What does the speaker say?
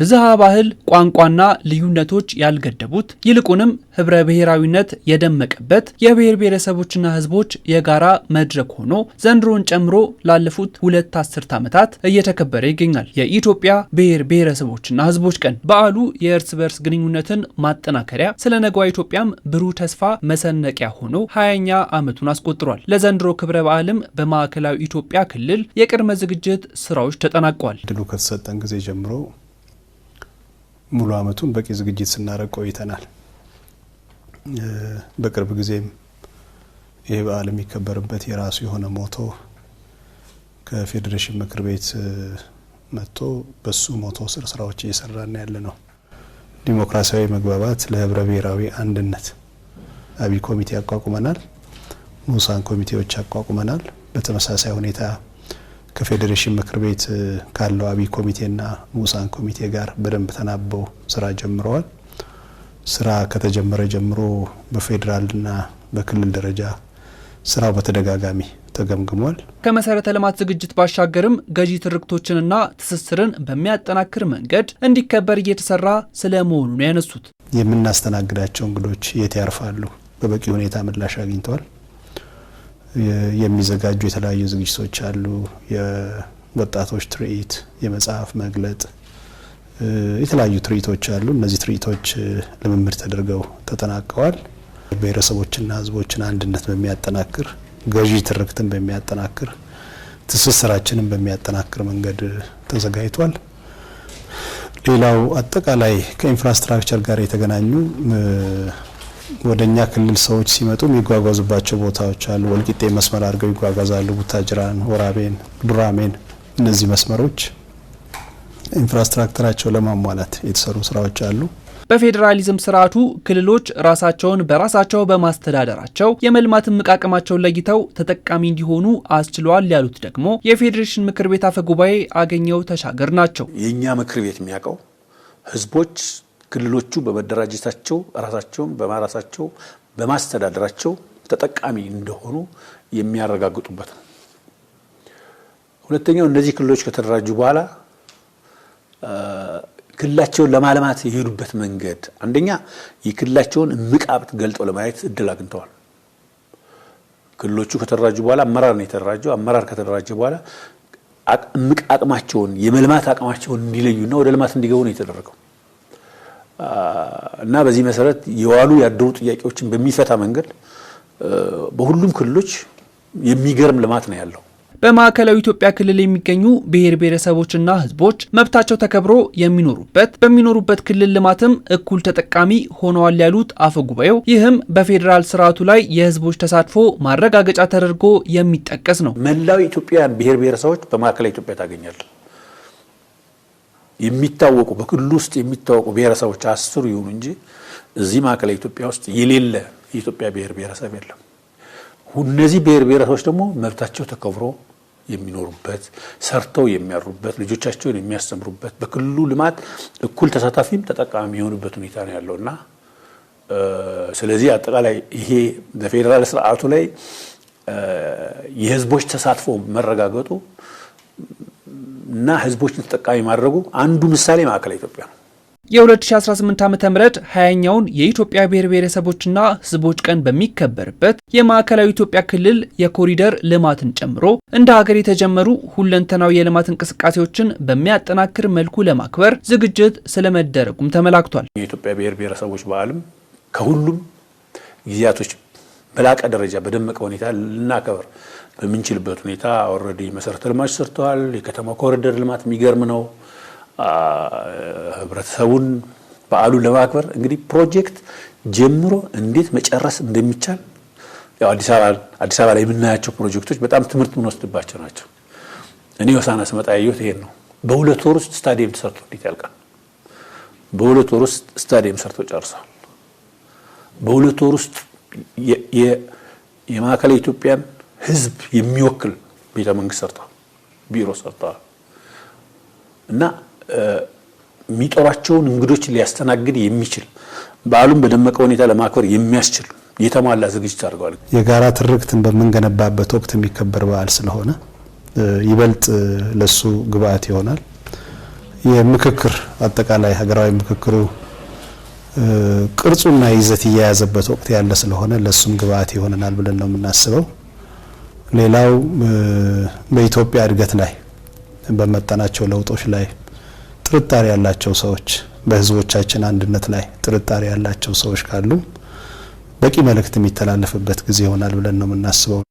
ብዝሃ ባህል፣ ቋንቋና ልዩነቶች ያልገደቡት ይልቁንም ህብረ ብሔራዊነት የደመቀበት የብሔር ብሔረሰቦችና ህዝቦች የጋራ መድረክ ሆኖ ዘንድሮን ጨምሮ ላለፉት ሁለት አስርት ዓመታት እየተከበረ ይገኛል። የኢትዮጵያ ብሔር ብሔረሰቦችና ህዝቦች ቀን በዓሉ የእርስ በርስ ግንኙነትን ማጠናከሪያ፣ ስለ ነገዋ ኢትዮጵያም ብሩህ ተስፋ መሰነቂያ ሆኖ ሀያኛ ዓመቱን አስቆጥሯል። ለዘንድሮ ክብረ በዓልም በማዕከላዊ ኢትዮጵያ ክልል የቅድመ ዝግጅት ስራዎች ተጠናቋል። ድሉ ከተሰጠን ጊዜ ጀምሮ ሙሉ አመቱን በቂ ዝግጅት ስናደረግ ቆይተናል። በቅርብ ጊዜም ይህ በዓል የሚከበርበት የራሱ የሆነ ሞቶ ከፌዴሬሽን ምክር ቤት መጥቶ በሱ ሞቶ ስር ስራዎች ና ያለ ነው። ዲሞክራሲያዊ መግባባት ለህብረ ብሔራዊ አንድነት አብይ ኮሚቴ አቋቁመናል። ንዑሳን ኮሚቴዎች አቋቁመናል። በተመሳሳይ ሁኔታ ከፌዴሬሽን ምክር ቤት ካለው አብይ ኮሚቴና ንዑሳን ኮሚቴ ጋር በደንብ ተናበው ስራ ጀምረዋል። ስራ ከተጀመረ ጀምሮ በፌዴራልና በክልል ደረጃ ስራው በተደጋጋሚ ተገምግሟል። ከመሰረተ ልማት ዝግጅት ባሻገርም ገዢ ትርክቶችንና ትስስርን በሚያጠናክር መንገድ እንዲከበር እየተሰራ ስለ ነው ያነሱት የምናስተናግዳቸው እንግዶች የት ያርፋሉ? በበቂ ሁኔታ ምላሽ አግኝተዋል። የሚዘጋጁ የተለያዩ ዝግጅቶች አሉ። የወጣቶች ትርኢት፣ የመጽሐፍ መግለጥ፣ የተለያዩ ትርኢቶች አሉ። እነዚህ ትርኢቶች ልምምድ ተደርገው ተጠናቀዋል። ብሔረሰቦችና ሕዝቦችን አንድነት በሚያጠናክር ገዢ ትርክትን በሚያጠናክር ትስስራችንን በሚያጠናክር መንገድ ተዘጋጅቷል። ሌላው አጠቃላይ ከኢንፍራስትራክቸር ጋር የተገናኙ ወደ እኛ ክልል ሰዎች ሲመጡ የሚጓጓዙባቸው ቦታዎች አሉ። ወልቂጤ መስመር አድርገው ይጓጓዛሉ። ቡታጅራን፣ ወራቤን፣ ዱራሜን እነዚህ መስመሮች ኢንፍራስትራክቸራቸው ለማሟላት የተሰሩ ስራዎች አሉ። በፌዴራሊዝም ስርዓቱ ክልሎች ራሳቸውን በራሳቸው በማስተዳደራቸው የመልማት እምቅ አቅማቸውን ለይተው ተጠቃሚ እንዲሆኑ አስችለዋል ያሉት ደግሞ የፌዴሬሽን ምክር ቤት አፈ ጉባኤ አገኘው ተሻገር ናቸው። የእኛ ምክር ቤት የሚያውቀው ህዝቦች ክልሎቹ በመደራጀታቸው ራሳቸውን በማራሳቸው በማስተዳደራቸው ተጠቃሚ እንደሆኑ የሚያረጋግጡበት ነው። ሁለተኛው እነዚህ ክልሎች ከተደራጁ በኋላ ክልላቸውን ለማልማት የሄዱበት መንገድ አንደኛ የክልላቸውን እምቅ ሀብት ለማየት እድል አግኝተዋል። ክልሎቹ ከተደራጁ በኋላ አመራር ነው የተደራጀው። አመራር ከተደራጀ በኋላ እምቅ አቅማቸውን የመልማት አቅማቸውን እንዲለዩና ወደ ልማት እንዲገቡ ነው የተደረገው። እና በዚህ መሰረት የዋሉ ያደሩ ጥያቄዎችን በሚፈታ መንገድ በሁሉም ክልሎች የሚገርም ልማት ነው ያለው። በማዕከላዊ ኢትዮጵያ ክልል የሚገኙ ብሔር ብሔረሰቦችና ሕዝቦች መብታቸው ተከብሮ የሚኖሩበት በሚኖሩበት ክልል ልማትም እኩል ተጠቃሚ ሆነዋል ያሉት አፈ ጉባኤው፣ ይህም በፌዴራል ስርዓቱ ላይ የሕዝቦች ተሳትፎ ማረጋገጫ ተደርጎ የሚጠቀስ ነው። መላው ኢትዮጵያውያን ብሔር ብሔረሰቦች በማዕከላዊ ኢትዮጵያ ታገኛል። የሚታወቁ በክልሉ ውስጥ የሚታወቁ ብሔረሰቦች አስሩ ይሁኑ እንጂ እዚህ ማዕከላዊ ኢትዮጵያ ውስጥ የሌለ የኢትዮጵያ ብሔር ብሔረሰብ የለም። እነዚህ ብሔር ብሔረሰቦች ደግሞ መብታቸው ተከብሮ የሚኖሩበት ሰርተው የሚያሩበት ልጆቻቸውን የሚያስተምሩበት በክልሉ ልማት እኩል ተሳታፊም ተጠቃሚ የሆኑበት ሁኔታ ነው ያለው እና ስለዚህ አጠቃላይ ይሄ በፌዴራል ስርዓቱ ላይ የህዝቦች ተሳትፎ መረጋገጡ እና ህዝቦችን ተጠቃሚ ማድረጉ አንዱ ምሳሌ ማዕከላዊ ኢትዮጵያ ነው። የ2018 ዓ ም ሀያኛውን የኢትዮጵያ ብሔር ብሔረሰቦችና ህዝቦች ቀን በሚከበርበት የማዕከላዊ ኢትዮጵያ ክልል የኮሪደር ልማትን ጨምሮ እንደ ሀገር የተጀመሩ ሁለንተናዊ የልማት እንቅስቃሴዎችን በሚያጠናክር መልኩ ለማክበር ዝግጅት ስለመደረጉም ተመላክቷል። የኢትዮጵያ ብሔር ብሔረሰቦች በዓልም ከሁሉም ጊዜያቶች በላቀ ደረጃ በደመቀ ሁኔታ ልናከብር በምንችልበት ሁኔታ ኦልሬዲ መሰረተ ልማት ሰርተዋል። የከተማ ኮሪደር ልማት የሚገርም ነው። ህብረተሰቡን በዓሉን ለማክበር እንግዲህ ፕሮጀክት ጀምሮ እንዴት መጨረስ እንደሚቻል ያው አዲስ አበባ ላይ የምናያቸው ፕሮጀክቶች በጣም ትምህርት የምንወስድባቸው ናቸው። እኔ ወሳና ስመጣ ያየሁት ይሄን ነው። በሁለት ወር ውስጥ ስታዲየም ተሰርቶ እንዴት ያልቃል? በሁለት ወር ውስጥ ስታዲየም ሰርቶ ጨርሰዋል። በሁለት ወር ውስጥ የማዕከላዊ ኢትዮጵያን ህዝብ የሚወክል ቤተ መንግስት ሰርተዋል፣ ቢሮ ሰርተዋል እና የሚጠሯቸውን እንግዶች ሊያስተናግድ የሚችል በዓሉን በደመቀ ሁኔታ ለማክበር የሚያስችል የተሟላ ዝግጅት አድርገዋል። የጋራ ትርክትን በምንገነባበት ወቅት የሚከበር በዓል ስለሆነ ይበልጥ ለሱ ግብአት ይሆናል። የምክክር አጠቃላይ ሀገራዊ ምክክሩ ቅርጹና ይዘት እየያዘበት ወቅት ያለ ስለሆነ ለሱም ግብአት ይሆነናል ብለን ነው የምናስበው። ሌላው በኢትዮጵያ እድገት ላይ በመጣናቸው ለውጦች ላይ ጥርጣሬ ያላቸው ሰዎች፣ በህዝቦቻችን አንድነት ላይ ጥርጣሬ ያላቸው ሰዎች ካሉ በቂ መልእክት የሚተላለፍበት ጊዜ ይሆናል ብለን ነው የምናስበው።